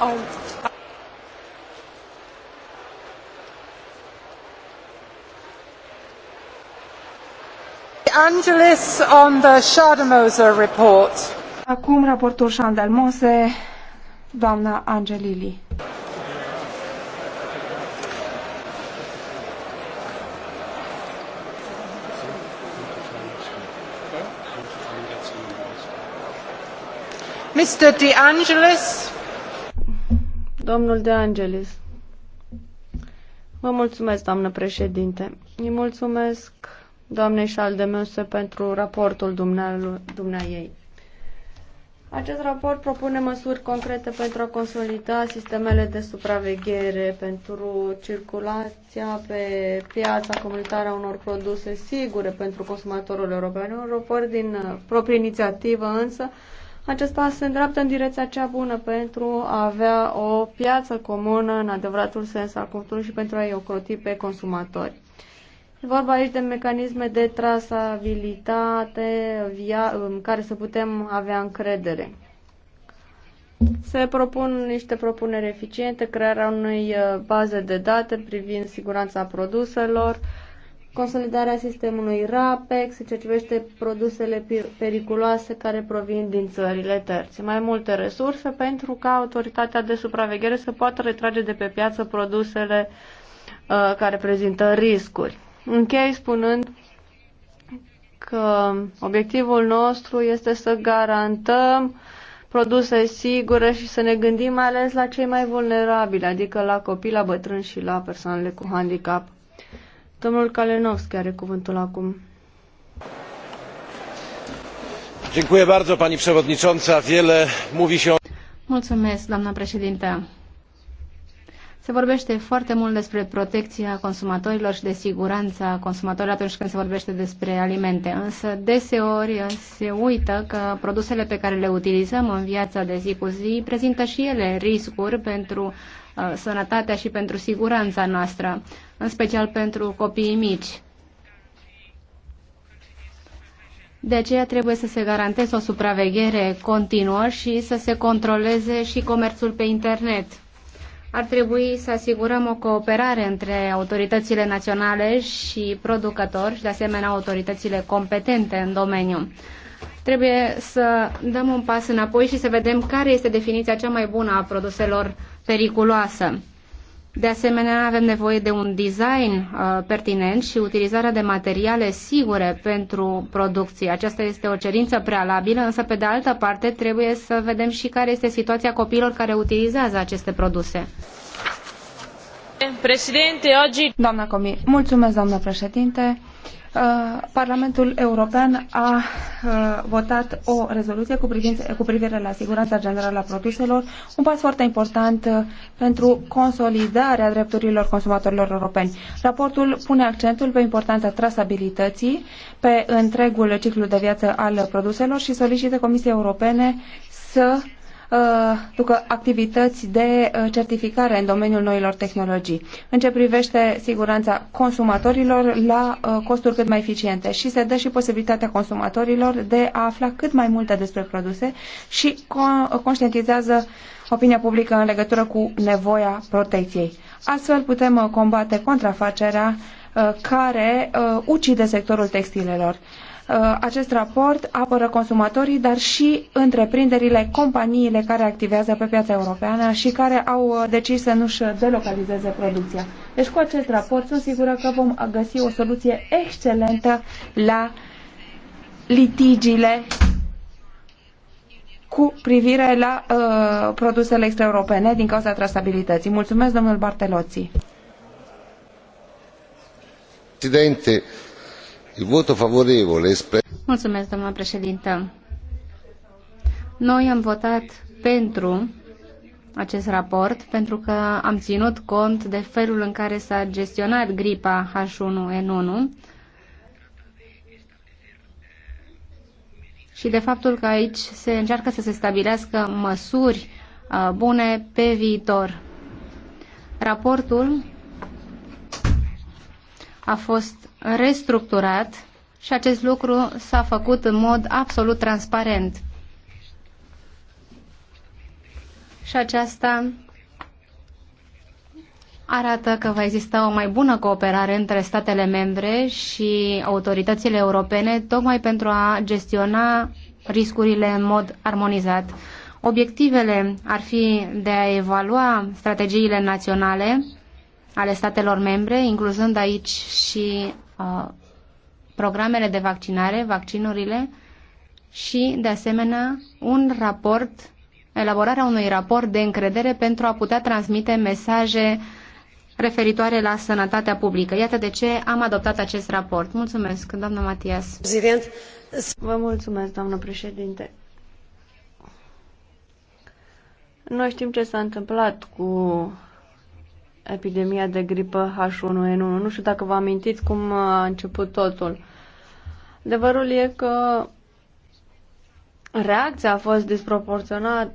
I'm, Angelis on the Schademoser report. Acum raportul Șandelmose, doamna Angelili. Mr. De Angelis. Domnul De Angelis. Vă mulțumesc, doamnă președinte. Îi mulțumesc doamnei Șaldemese pentru raportul dumnea ei. Acest raport propune măsuri concrete pentru a consolida sistemele de supraveghere, pentru circulația pe piața comunitară a unor produse sigure pentru consumatorul european. Un raport din uh, proprie inițiativă, însă, acest pas se îndreaptă în direcția cea bună pentru a avea o piață comună în adevăratul sens al culturii și pentru a-i ocroti pe consumatori. E vorba aici de mecanisme de trasabilitate via, în care să putem avea încredere. Se propun niște propuneri eficiente, crearea unei uh, baze de date privind siguranța produselor, uh, consolidarea sistemului RAPEX, în ce privește produsele periculoase care provin din țările terțe, mai multe resurse pentru ca autoritatea de supraveghere să poată retrage de pe piață produsele uh, care prezintă riscuri. Închei spunând că obiectivul nostru este să garantăm produse sigure și să ne gândim mai ales la cei mai vulnerabili, adică la copii, la bătrâni și la persoanele cu handicap. Domnul Kalenowski, are cuvântul acum. Dziękuję bardzo, pani przewodnicząca. Wiele mówi się o... Mulțumesc, doamna președinte. Se vorbește foarte mult despre protecția consumatorilor și de siguranța consumatorilor atunci când se vorbește despre alimente, însă deseori se uită că produsele pe care le utilizăm în viața de zi cu zi prezintă și ele riscuri pentru Uh, sănătatea și pentru siguranța noastră, în special pentru copiii mici. De aceea trebuie să se garanteze o supraveghere continuă și să se controleze și comerțul pe internet. Ar trebui să asigurăm o cooperare între autoritățile naționale și producători și, de asemenea, autoritățile competente în domeniu. Trebuie să dăm un pas înapoi și să vedem care este definiția cea mai bună a produselor periculoase. De asemenea, avem nevoie de un design uh, pertinent și utilizarea de materiale sigure pentru producție. Aceasta este o cerință prealabilă, însă, pe de altă parte, trebuie să vedem și care este situația copiilor care utilizează aceste produse. Președinte, Doamna Comi, mulțumesc, doamna președinte. Uh, Parlamentul European a uh, votat o rezoluție cu, privință, cu privire la siguranța generală a produselor, un pas foarte important uh, pentru consolidarea drepturilor consumatorilor europeni. Raportul pune accentul pe importanța trasabilității pe întregul ciclu de viață al produselor și solicită Comisiei Europene să Uh, ducă activități de uh, certificare în domeniul noilor tehnologii, în ce privește siguranța consumatorilor la uh, costuri cât mai eficiente și se dă și posibilitatea consumatorilor de a afla cât mai multe despre produse și conștientizează opinia publică în legătură cu nevoia protecției. Astfel putem combate contrafacerea care ucide sectorul textilelor. Uh, acest raport apără consumatorii, dar și întreprinderile, companiile care activează pe piața europeană și care au uh, decis să nu-și delocalizeze producția. Deci cu acest raport sunt sigură că vom găsi o soluție excelentă la litigiile cu privire la uh, produsele extraeuropene din cauza trasabilității. Mulțumesc, domnul Bartelozzi. Presidente, noi am votat pentru acest raport pentru că am ținut cont de felul în care s-a gestionat gripa H1N1 și de faptul că aici se încearcă să se stabilească măsuri uh, bune pe viitor. Raportul a fost restructurat și acest lucru s-a făcut în mod absolut transparent. Și aceasta arată că va exista o mai bună cooperare între statele membre și autoritățile europene, tocmai pentru a gestiona riscurile în mod armonizat. Obiectivele ar fi de a evalua strategiile naționale ale statelor membre, incluzând aici și uh, programele de vaccinare, vaccinurile și, de asemenea, un raport, elaborarea unui raport de încredere pentru a putea transmite mesaje referitoare la sănătatea publică. Iată de ce am adoptat acest raport. Mulțumesc, doamna Matias. Prezident. Vă mulțumesc, doamnă președinte. Noi știm ce s-a întâmplat cu epidemia de gripă H1N1. Nu știu dacă vă amintiți cum a început totul. Adevărul e că reacția a fost disproporționată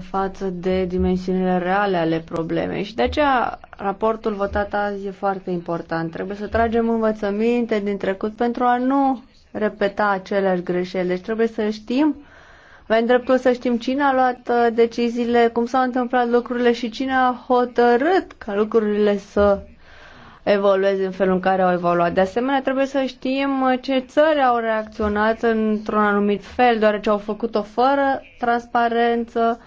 față de dimensiunile reale ale problemei și de aceea raportul votat azi e foarte important. Trebuie să tragem învățăminte din trecut pentru a nu repeta aceleași greșeli. Deci trebuie să știm avem dreptul să știm cine a luat uh, deciziile, cum s-au întâmplat lucrurile și cine a hotărât ca lucrurile să evolueze în felul în care au evoluat. De asemenea, trebuie să știm uh, ce țări au reacționat într-un anumit fel, deoarece au făcut-o fără transparență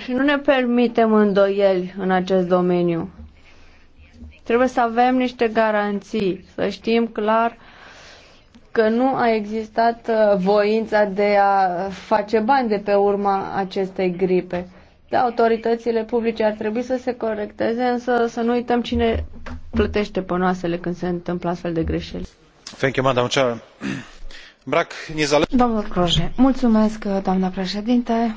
și nu ne permitem îndoieli în acest domeniu. Trebuie să avem niște garanții, să știm clar uh, că nu a existat uh, voința de a face bani de pe urma acestei gripe. Da, autoritățile publice ar trebui să se corecteze, însă să nu uităm cine plătește pănoasele când se întâmplă astfel de greșeli. Thank you, Madam Chair. Brac, Domnul Croje, mulțumesc, uh, doamna președinte.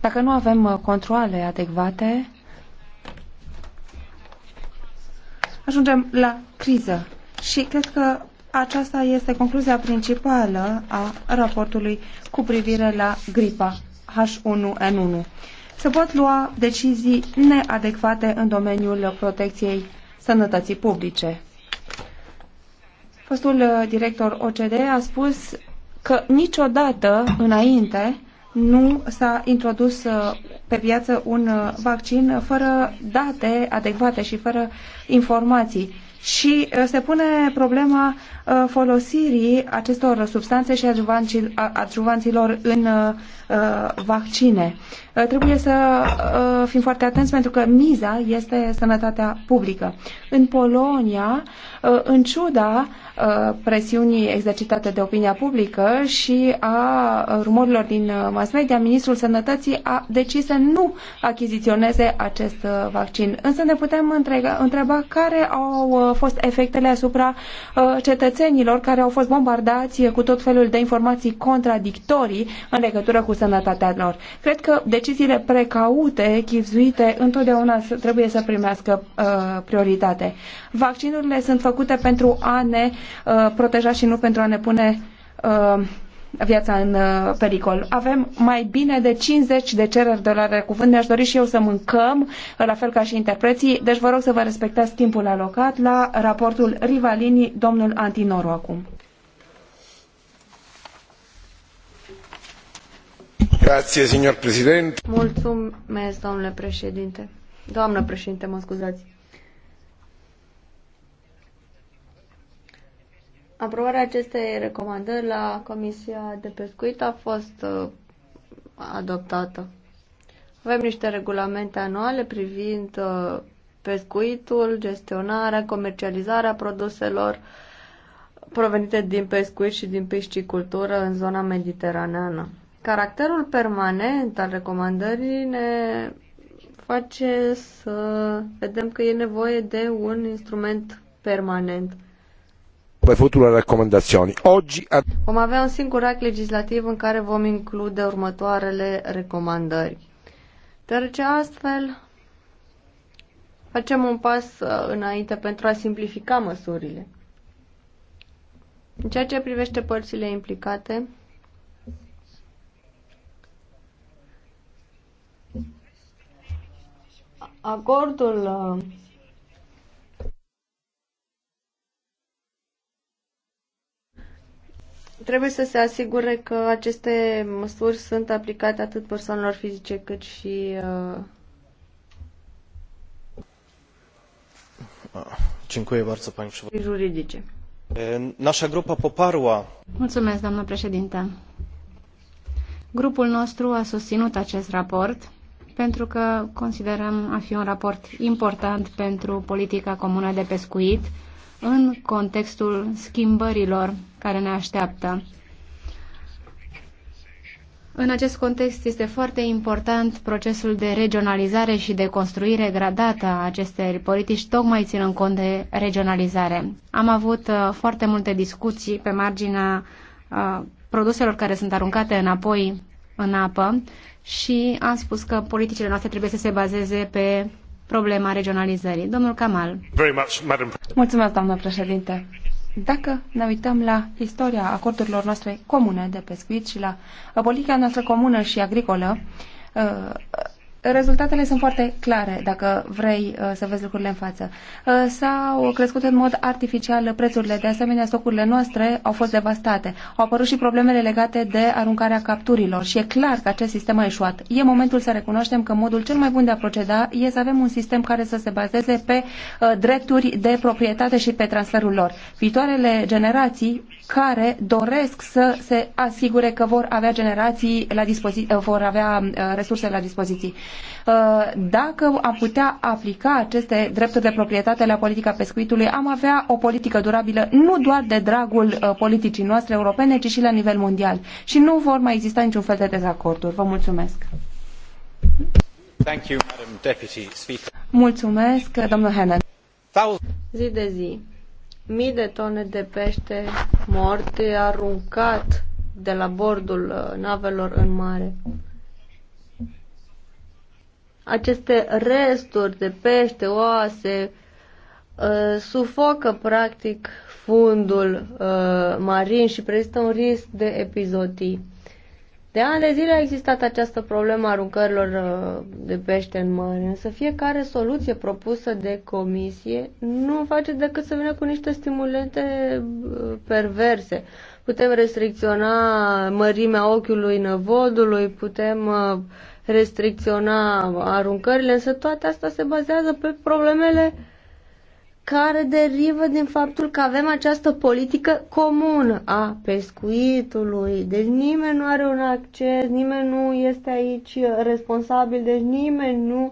Dacă nu avem uh, controle adecvate, ajungem la criză. Și cred că aceasta este concluzia principală a raportului cu privire la gripa H1N1. Se pot lua decizii neadecvate în domeniul protecției sănătății publice. Fostul uh, director OCD a spus că niciodată înainte nu s-a introdus uh, pe piață un uh, vaccin fără date adecvate și fără informații și uh, se pune problema uh, folosirii acestor substanțe și adjuvanților în uh, Uh, vaccine. Uh, trebuie să uh, fim foarte atenți pentru că miza este sănătatea publică. În Polonia, în ciuda presiunii exercitate de opinia publică și a rumorilor din mass media, Ministrul Sănătății a decis să nu achiziționeze acest vaccin. Însă ne putem întreba care au fost efectele asupra cetățenilor care au fost bombardați cu tot felul de informații contradictorii în legătură cu sănătatea lor. Cred că deciziile precaute, chipzuite, întotdeauna trebuie să primească uh, prioritate. Vaccinurile sunt făcute pentru a ne uh, proteja și nu pentru a ne pune uh, viața în uh, pericol. Avem mai bine de 50 de cereri de la cuvânt. Mi-aș dori și eu să mâncăm, la fel ca și interpreții. Deci vă rog să vă respectați timpul alocat la raportul Rivalini, domnul Antinoru acum. Grazie, signor Presidente. Mulțumesc, domnule președinte. Doamnă președinte, mă scuzați. Aprobarea acestei recomandări la Comisia de Pescuit a fost uh, adoptată. Avem niște regulamente anuale privind uh, pescuitul, gestionarea, comercializarea produselor provenite din pescuit și din piscicultură în zona mediteraneană. Caracterul permanent al recomandării ne face să vedem că e nevoie de un instrument permanent. Pe Vom avea un singur act legislativ în care vom include următoarele recomandări. Deoarece astfel facem un pas uh, înainte pentru a simplifica măsurile. În ceea ce privește părțile implicate, Acordul uh, trebuie să se asigure că aceste măsuri sunt aplicate atât persoanelor fizice cât și uh... Dziękuję bardzo, pani juridice. Nasza grupa poparła. Mulțumesc, doamnă președinte. Grupul nostru a susținut acest raport pentru că considerăm a fi un raport important pentru politica comună de pescuit în contextul schimbărilor care ne așteaptă. În acest context este foarte important procesul de regionalizare și de construire gradată a acestei politici, tocmai ținând cont de regionalizare. Am avut uh, foarte multe discuții pe marginea uh, produselor care sunt aruncate înapoi în apă și am spus că politicile noastre trebuie să se bazeze pe problema regionalizării. Domnul Kamal. Mulțumesc, doamnă președinte. Dacă ne uităm la istoria acordurilor noastre comune de pescuit și la politica noastră comună și agricolă, uh, rezultatele sunt foarte clare dacă vrei uh, să vezi lucrurile în față. Uh, s-au crescut în mod artificial prețurile, de asemenea stocurile noastre au fost devastate. Au apărut și problemele legate de aruncarea capturilor și e clar că acest sistem a eșuat. E momentul să recunoaștem că modul cel mai bun de a proceda e să avem un sistem care să se bazeze pe uh, drepturi de proprietate și pe transferul lor. Viitoarele generații care doresc să se asigure că vor avea generații la dispoziție, uh, vor avea uh, resurse la dispoziție. Uh, dacă am putea aplica aceste drepturi de proprietate la politica pescuitului, am avea o politică durabilă nu doar de dragul politicii noastre europene, ci și la nivel mondial. Și nu vor mai exista niciun fel de dezacorduri. Vă mulțumesc. Thank you, Madam Deputy Speaker. Mulțumesc, domnul Hennen. Zi de zi, mii de tone de pește mort aruncat de la bordul uh, navelor în mare. Aceste resturi de pește, oase, uh, sufocă practic fundul uh, marin și prezintă un risc de epizotii. De ani de zile a existat această problemă a aruncărilor uh, de pește în mare, însă fiecare soluție propusă de comisie nu face decât să vină cu niște stimulente uh, perverse. Putem restricționa mărimea ochiului năvodului, putem uh, restricționa aruncările, însă toate astea se bazează pe problemele care derivă din faptul că avem această politică comună a pescuitului. Deci nimeni nu are un acces, nimeni nu este aici responsabil, deci nimeni nu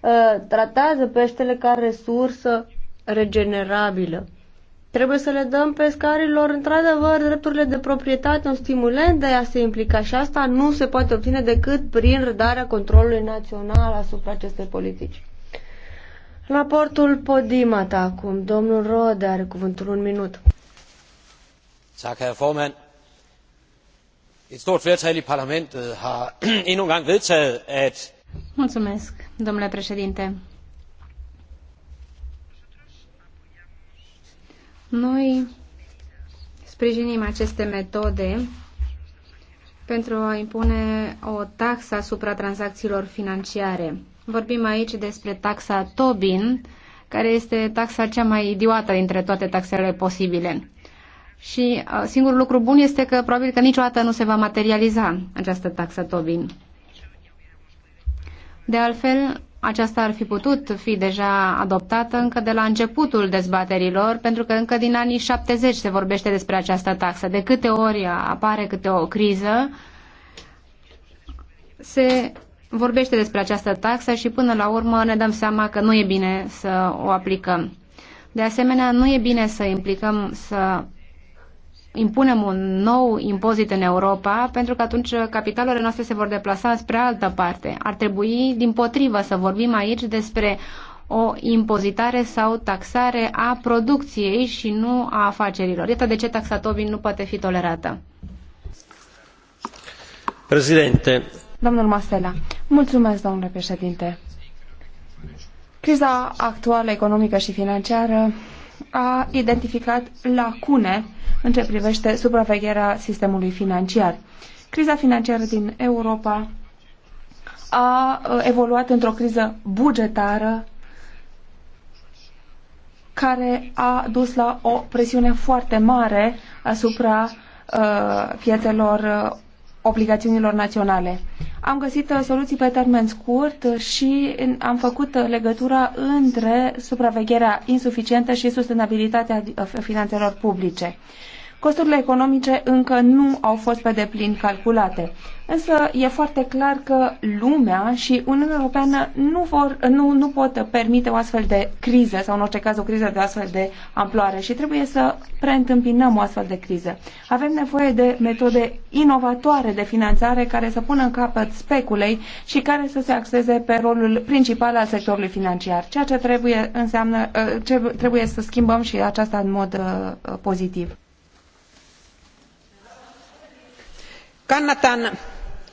uh, tratează peștele ca resursă regenerabilă. Trebuie să le dăm pescarilor, într-adevăr, drepturile de proprietate, un stimulent de a se implica și asta nu se poate obține decât prin redarea controlului național asupra acestei politici. Raportul Podimata acum. Domnul Rode are cuvântul un minut. Tak, herr formand. Et stort flertal i parlamentet har endnu en gang vedtaget at... Mulțumesc, domnule președinte. Noi sprijinim aceste metode pentru a impune o taxă asupra tranzacțiilor financiare. Vorbim aici despre taxa Tobin, care este taxa cea mai idiotă dintre toate taxele posibile. Și uh, singurul lucru bun este că probabil că niciodată nu se va materializa această taxă Tobin. De altfel, aceasta ar fi putut fi deja adoptată încă de la începutul dezbaterilor, pentru că încă din anii 70 se vorbește despre această taxă. De câte ori apare câte o criză, se vorbește despre această taxă și până la urmă ne dăm seama că nu e bine să o aplicăm. De asemenea, nu e bine să implicăm, să impunem un nou impozit în Europa, pentru că atunci capitalurile noastre se vor deplasa spre altă parte. Ar trebui, din potrivă, să vorbim aici despre o impozitare sau taxare a producției și nu a afacerilor. Iată de ce taxa Tobin nu poate fi tolerată. Președinte, Domnul Masela. Mulțumesc, domnule președinte. Criza actuală economică și financiară a identificat lacune în ce privește supravegherea sistemului financiar. Criza financiară din Europa a uh, evoluat într-o criză bugetară care a dus la o presiune foarte mare asupra uh, piețelor uh, obligațiunilor naționale. Am găsit uh, soluții pe termen scurt uh, și am făcut uh, legătura între supravegherea insuficientă și sustenabilitatea finanțelor publice. Costurile economice încă nu au fost pe deplin calculate, însă e foarte clar că lumea și Uniunea Europeană nu, vor, nu, nu pot permite o astfel de criză sau în orice caz o criză de astfel de amploare și trebuie să preîntâmpinăm o astfel de criză. Avem nevoie de metode inovatoare de finanțare care să pună în capăt speculei și care să se axeze pe rolul principal al sectorului financiar, ceea ce trebuie, înseamnă, uh, ce trebuie să schimbăm și aceasta în mod uh, pozitiv. Kannatan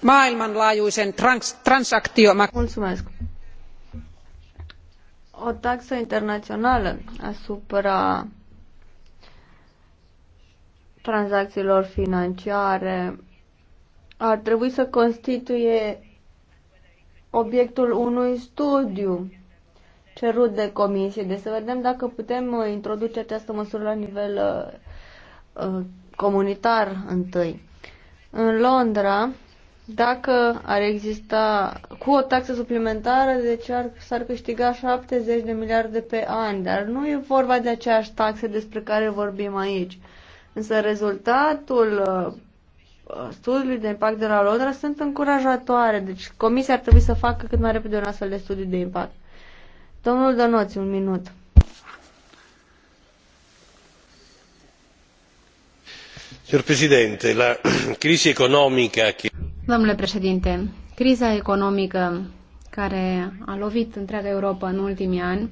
maailmanlaajuisen trans- transaktiomaksun. O taxă internațională asupra tranzacțiilor financiare ar trebui să constituie obiectul unui studiu cerut de comisie. Deci să vedem dacă putem introduce această măsură la nivel uh, comunitar întâi în Londra, dacă ar exista cu o taxă suplimentară, deci ar, s-ar câștiga 70 de miliarde pe an, dar nu e vorba de aceeași taxă despre care vorbim aici. Însă rezultatul uh, studiului de impact de la Londra sunt încurajatoare, deci comisia ar trebui să facă cât mai repede un astfel de studiu de impact. Domnul Dănoți, un minut. domnule președinte criza economică care a lovit întreaga europă în ultimii ani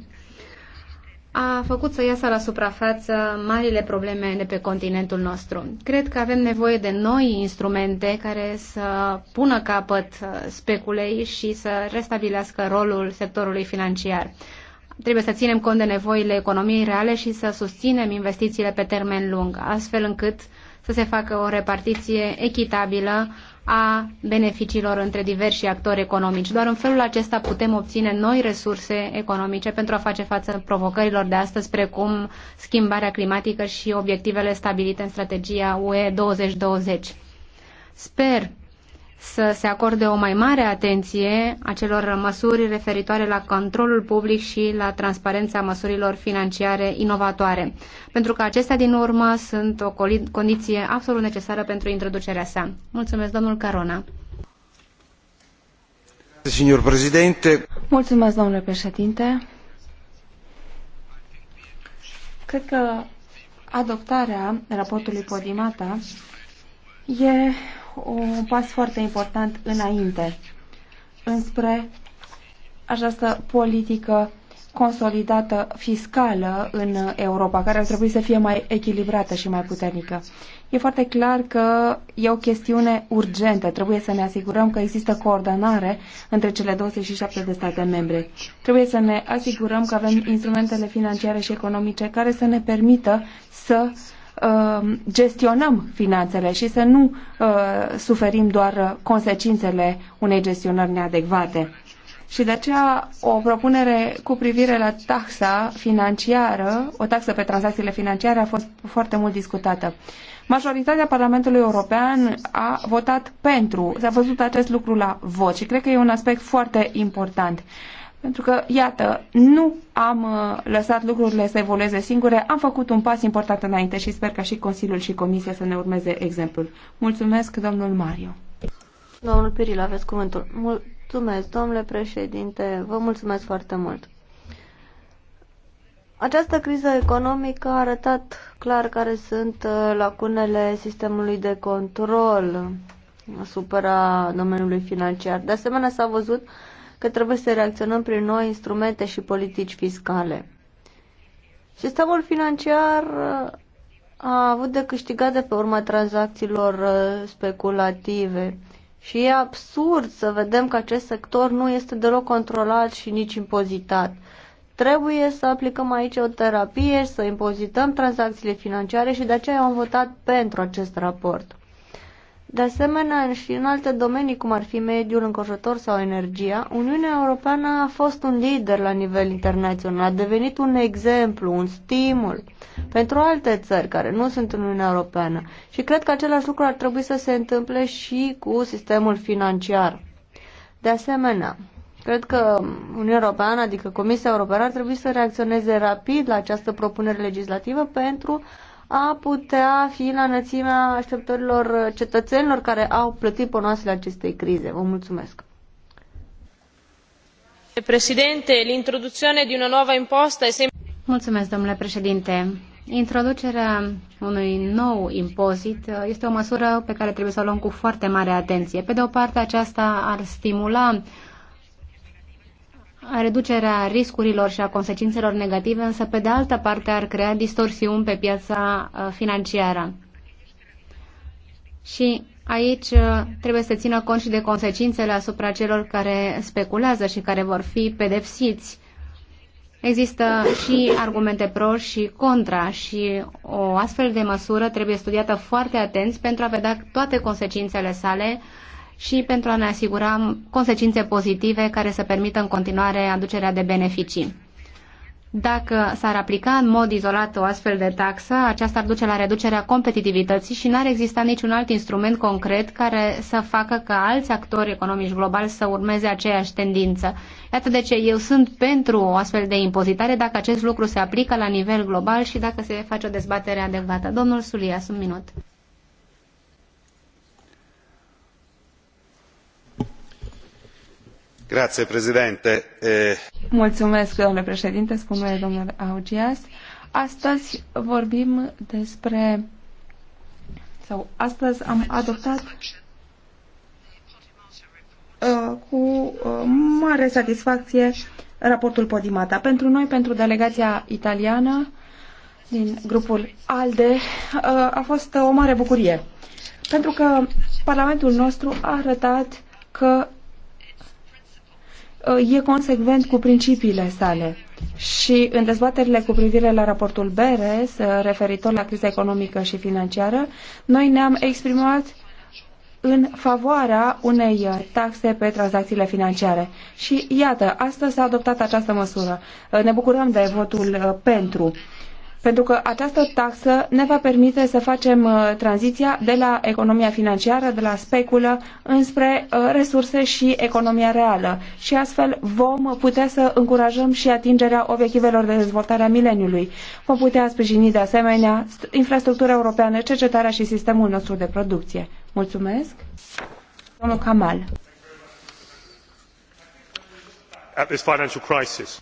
a făcut să iasă la suprafață marile probleme de pe continentul nostru. Cred că avem nevoie de noi instrumente care să pună capăt speculei și să restabilească rolul sectorului financiar trebuie să ținem cont de nevoile economiei reale și să susținem investițiile pe termen lung, astfel încât să se facă o repartiție echitabilă a beneficiilor între diversi actori economici. Doar în felul acesta putem obține noi resurse economice pentru a face față provocărilor de astăzi, precum schimbarea climatică și obiectivele stabilite în strategia UE 2020. Sper să se acorde o mai mare atenție acelor măsuri referitoare la controlul public și la transparența măsurilor financiare inovatoare, pentru că acestea din urmă sunt o condiție absolut necesară pentru introducerea sa. Mulțumesc, domnul Carona. Mulțumesc, domnule președinte. Cred că adoptarea raportului Podimata e un pas foarte important înainte înspre această politică consolidată fiscală în Europa, care ar trebui să fie mai echilibrată și mai puternică. E foarte clar că e o chestiune urgentă. Trebuie să ne asigurăm că există coordonare între cele 27 de state membre. Trebuie să ne asigurăm că avem instrumentele financiare și economice care să ne permită să uh, Uh, gestionăm finanțele și să nu uh, suferim doar uh, consecințele unei gestionări neadecvate. Și de aceea o propunere cu privire la taxa financiară, o taxă pe tranzacțiile financiare a fost foarte mult discutată. Majoritatea Parlamentului European a votat pentru, s-a văzut acest lucru la vot și cred că e un aspect foarte important. Pentru că, iată, nu am uh, lăsat lucrurile să evolueze singure, am făcut un pas important înainte și sper ca și Consiliul și Comisia să ne urmeze exemplul. Mulțumesc, domnul Mario. Domnul Piril, aveți cuvântul. Mulțumesc, domnule președinte, vă mulțumesc foarte mult. Această criză economică a arătat clar care sunt uh, lacunele sistemului de control asupra domeniului financiar. De asemenea, s-a văzut uh, că trebuie să reacționăm prin noi instrumente și politici fiscale. Sistemul financiar uh, a avut de câștigat de pe urma tranzacțiilor uh, speculative și e absurd să vedem că acest sector nu este deloc controlat și nici impozitat. Trebuie să aplicăm aici o terapie, să impozităm tranzacțiile financiare și de aceea am votat pentru acest raport. De asemenea, și în alte domenii, cum ar fi mediul înconjurător sau energia, Uniunea Europeană a fost un lider la nivel internațional, a devenit un exemplu, un stimul pentru alte țări care nu sunt în Uniunea Europeană. Și cred că același lucru ar trebui să se întâmple și cu sistemul financiar. De asemenea, cred că Uniunea Europeană, adică Comisia Europeană, ar trebui să reacționeze rapid la această propunere legislativă pentru a putea fi la înălțimea așteptărilor cetățenilor care au plătit ponoasele acestei crize. Vă mulțumesc! Președinte, l'introduzione di una nuova imposta è sempre... Mulțumesc, domnule președinte. Introducerea unui nou impozit uh, este o măsură pe care trebuie să o luăm cu foarte mare atenție. Pe de o parte, aceasta ar stimula uh, reducerea riscurilor și a consecințelor negative, însă pe de altă parte ar crea distorsiuni pe piața uh, financiară. Și aici uh, trebuie să țină cont și de consecințele asupra celor care speculează și care vor fi pedepsiți. Există și argumente pro și contra și o astfel de măsură trebuie studiată foarte atenți pentru a vedea toate consecințele sale și pentru a ne asigura consecințe pozitive care să permită în continuare aducerea de beneficii. Dacă s-ar aplica în mod izolat o astfel de taxă, aceasta ar duce la reducerea competitivității și n-ar exista niciun alt instrument concret care să facă ca alți actori economici globali să urmeze aceeași tendință. Iată de ce eu sunt pentru o astfel de impozitare dacă acest lucru se aplică la nivel global și dacă se face o dezbatere adecvată. Domnul Sulia, un minut. Mulțumesc, președinte, Astăzi vorbim despre sau astăzi am adoptat uh, cu uh, mare satisfacție raportul Podimata. Pentru noi, pentru delegația italiană din grupul ALDE, uh, a fost o mare bucurie. Pentru că Parlamentul nostru a arătat că Uh, e consecvent cu principiile sale. Și în dezbaterile cu privire la raportul Beres, uh, referitor la criza economică și financiară, noi ne-am exprimat în favoarea unei uh, taxe pe tranzacțiile financiare. Și iată, astăzi s-a adoptat această măsură. Ne bucurăm de votul pentru. Pentru că această taxă ne va permite să facem uh, tranziția de la economia financiară, de la speculă, înspre uh, resurse și economia reală. Și astfel vom putea să încurajăm și atingerea obiectivelor de dezvoltare a mileniului. Vom putea sprijini de asemenea infrastructura europeană, cercetarea și sistemul nostru de producție. Mulțumesc. Domnul Kamal. At this financial crisis.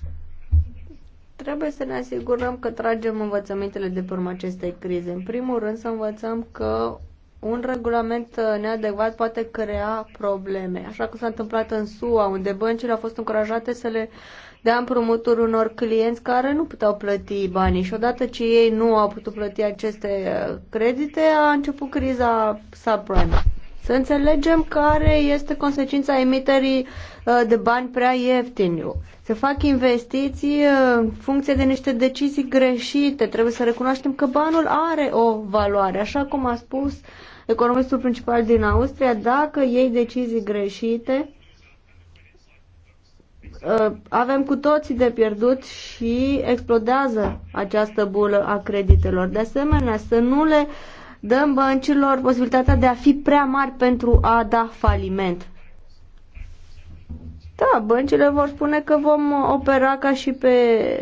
Trebuie să ne asigurăm că tragem învățămintele de pe urma acestei crize. În primul rând să învățăm că un regulament neadecvat poate crea probleme, așa cum s-a întâmplat în SUA, unde băncile au fost încurajate să le dea împrumuturi unor clienți care nu puteau plăti banii și odată ce ei nu au putut plăti aceste uh, credite, a început criza subprime. Să înțelegem care este consecința emiterii uh, Uh, de bani prea ieftini. Se fac investiții uh, în funcție de niște decizii greșite. Trebuie să recunoaștem că banul are o valoare. Așa cum a spus economistul principal din Austria, dacă iei decizii greșite, uh, avem cu toții de pierdut și explodează această bulă a creditelor. De asemenea, să nu le dăm băncilor posibilitatea de a fi prea mari pentru a da faliment. Da, băncile vor spune că vom opera ca și, pe,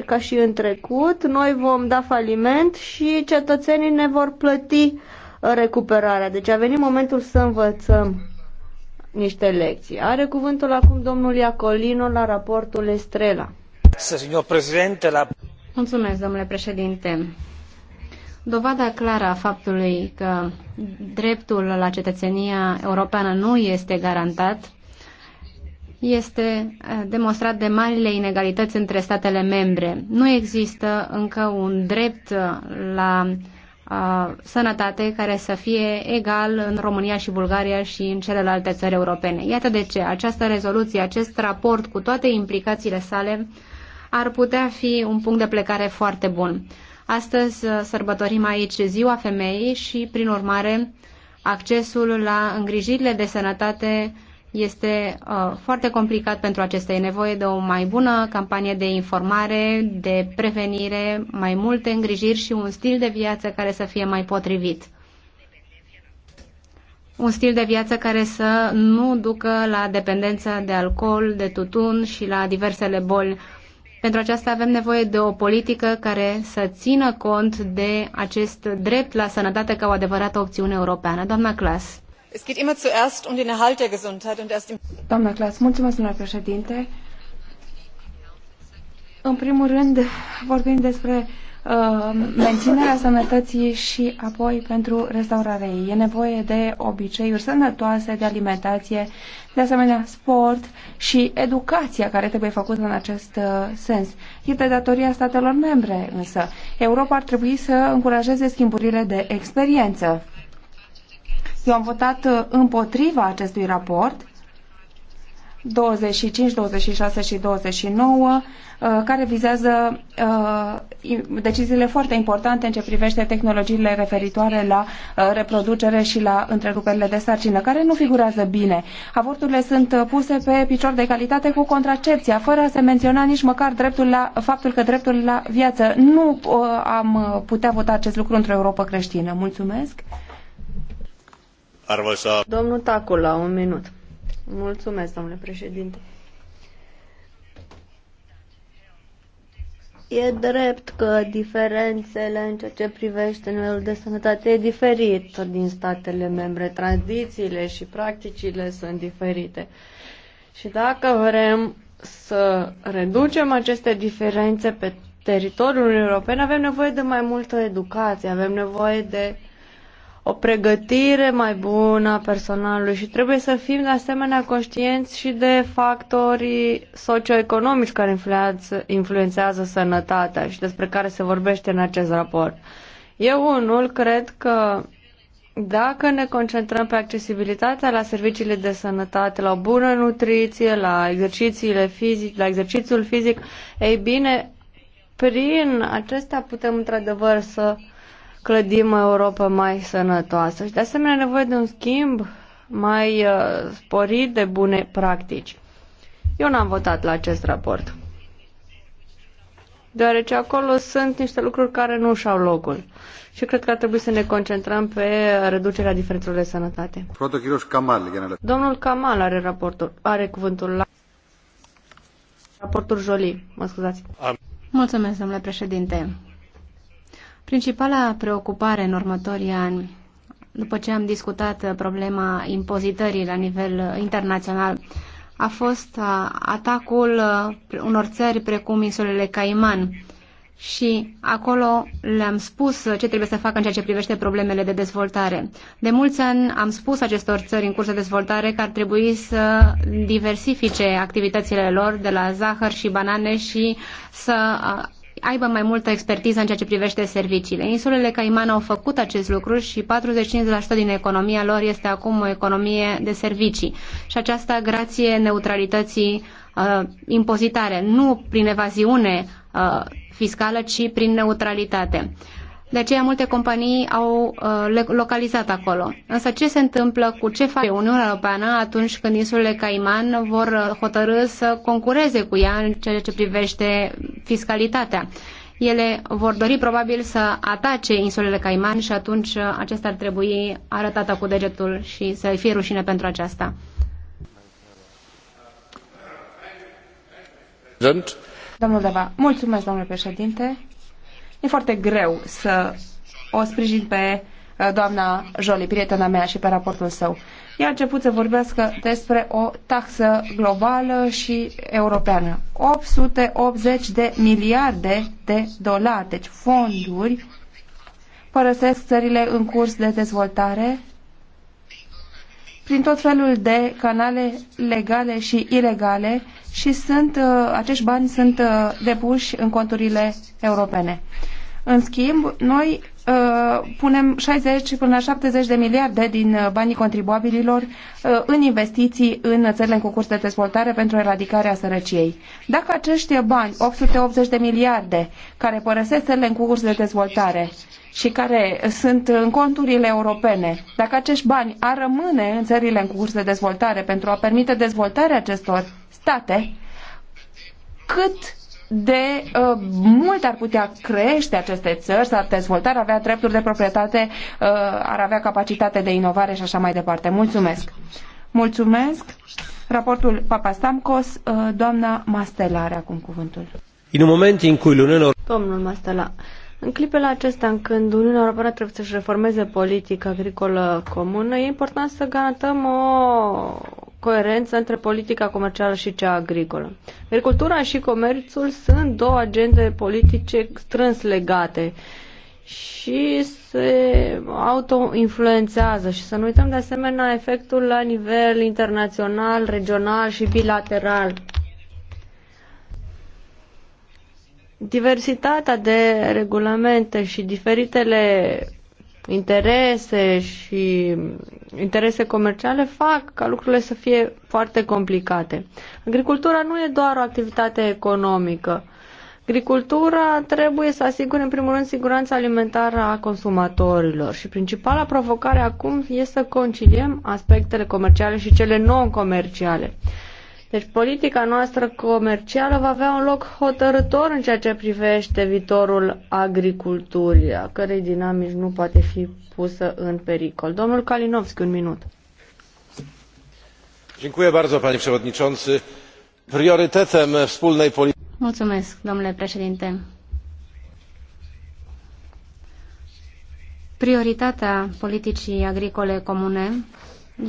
ca și în trecut, noi vom da faliment și cetățenii ne vor plăti recuperarea. Deci a venit momentul să învățăm niște lecții. Are cuvântul acum domnul Iacolino la raportul Estrela. La... Mulțumesc, domnule președinte. Dovada clară a faptului că dreptul la cetățenia europeană nu este garantat este eh, demonstrat de marile inegalități între statele membre. Nu există încă un drept eh, la a, eh, sănătate care să fie egal în România și Bulgaria și în celelalte țări europene. Iată de ce această rezoluție, acest raport cu toate implicațiile sale ar putea fi un punct de plecare foarte bun. Astăzi sărbătorim aici Ziua Femeii și, prin urmare, accesul la îngrijirile de sănătate este uh, foarte complicat pentru acestea. E nevoie de o mai bună campanie de informare, de prevenire, mai multe îngrijiri și un stil de viață care să fie mai potrivit. Un stil de viață care să nu ducă la dependența de alcool, de tutun și la diversele boli. Pentru aceasta avem nevoie de o politică care să țină cont de acest drept la sănătate ca o adevărată opțiune europeană. Doamna Clas. Es geht immer zuerst um den Erhalt der Gesundheit und erst im Doamna mulțumesc, domnule președinte. În primul rând, vorbim despre uh, menținerea sănătății și apoi pentru ei. E nevoie de obiceiuri sănătoase, de alimentație, de asemenea sport și educația care trebuie făcută în acest uh, sens. E de datoria statelor membre însă. Europa ar trebui să încurajeze schimburile de experiență eu am votat uh, împotriva acestui raport 25, 26 și 29, uh, care vizează uh, deciziile foarte importante în ce privește tehnologiile referitoare la reproducere și la întreruperile de sarcină, care nu figurează bine. Avorturile sunt puse pe picior de calitate cu contracepția, fără a se menționa nici măcar dreptul la, faptul că dreptul la viață. Nu am putea vota acest lucru într-o Europa creștină. Mulțumesc! Arvoisa... Domnul Tacula, un minut. Mulțumesc, domnule președinte. E drept că diferențele în ceea ce privește nivelul de sănătate e diferit din statele membre. Tradițiile și practicile sunt diferite. Și dacă vrem să reducem aceste diferențe pe teritoriul european, avem nevoie de mai multă educație, avem nevoie de o pregătire mai bună a personalului și trebuie să fim de asemenea conștienți și de factorii socioeconomici care influențează sănătatea și despre care se vorbește în acest raport. Eu unul cred că dacă ne concentrăm pe accesibilitatea la serviciile de sănătate, la o bună nutriție, la exercițiile fizic, la exercițiul fizic, ei bine, prin acestea putem într-adevăr să uh, clădim o Europa mai sănătoasă și de asemenea nevoie de un schimb mai uh, sporit de bune practici. Eu n-am votat la acest raport, deoarece acolo sunt niște lucruri care nu și-au locul și cred că ar trebui să ne concentrăm pe reducerea diferențelor de sănătate. Domnul Kamal are, raportul, are cuvântul la raportul Jolie, mă scuzați. Mulțumesc, domnule președinte. Principala preocupare în următorii ani, după ce am discutat problema impozitării la nivel internațional, a fost uh, atacul uh, unor țări precum insulele Caiman. Și acolo le-am spus ce trebuie să facă în ceea ce privește problemele de dezvoltare. De mulți ani am spus acestor țări în curs de dezvoltare că ar trebui să diversifice activitățile lor de la zahăr și banane și să uh, aibă mai multă expertiză în ceea ce privește serviciile. Insulele Caiman au făcut acest lucru și 45% din economia lor este acum o economie de servicii. Și aceasta grație neutralității uh, impozitare, nu prin evaziune uh, fiscală, ci prin neutralitate. Uh, de aceea multe companii au uh, localizat acolo. Însă ce se întâmplă cu ce face Uniunea Europeană atunci când insulele Caiman vor uh, hotărâ să concureze cu ea în ceea ce privește fiscalitatea? Ele vor dori probabil să atace insulele Caiman și atunci uh, acesta ar trebui arătată cu degetul și să fie rușine pentru aceasta. Domnul Deva, mulțumesc, domnule președinte. E foarte greu să o sprijin pe uh, doamna Jolie, prietena mea și pe raportul său. Ea a început să vorbească despre o taxă globală și europeană. 880 de miliarde de dolari, deci fonduri, părăsesc țările în curs de dezvoltare prin tot felul de canale legale și ilegale și sunt, uh, acești bani sunt uh, depuși în conturile europene. În schimb, noi uh, punem 60 până la 70 de miliarde din uh, banii contribuabililor uh, în investiții în țările în concurs de dezvoltare pentru eradicarea sărăciei. Dacă acești bani, 880 de miliarde, care părăsesc țările în concurs de dezvoltare și care sunt în conturile europene, dacă acești bani ar rămâne în țările în curs de dezvoltare pentru a permite dezvoltarea acestor state, cât de uh, mult ar putea crește aceste țări, s-ar dezvolta, ar avea drepturi de proprietate, uh, ar avea capacitate de inovare și așa mai departe. Mulțumesc! Mulțumesc! Raportul Stamcos, uh, doamna Mastela are acum cuvântul. În un moment în cui l'Uniunea Domnul Mastela, în clipele acestea, în când Uniunea Europeană trebuie să-și reformeze politica agricolă comună, e important să garantăm o coerență între politica comercială și cea agricolă. Agricultura și comerțul sunt două agende politice strâns legate și se autoinfluențează și să nu uităm de asemenea efectul la nivel internațional, regional și bilateral. Diversitatea de regulamente și diferitele interese și interese comerciale fac ca lucrurile să fie foarte complicate. Agricultura nu e doar o activitate economică. Agricultura trebuie să asigure, în primul rând, siguranța alimentară a consumatorilor și principala provocare acum este să conciliem aspectele comerciale și cele non-comerciale. Deci politica noastră comercială va avea un loc hotărător în ceea ce privește viitorul agriculturii, a cărei dinamici nu poate fi pusă în pericol. Domnul Kalinowski, un minut. Dziękuję bardzo, panie przewodniczący. Priorytetem wspólnej polityki. Mulțumesc, domnule președinte. Prioritatea politicii agricole comune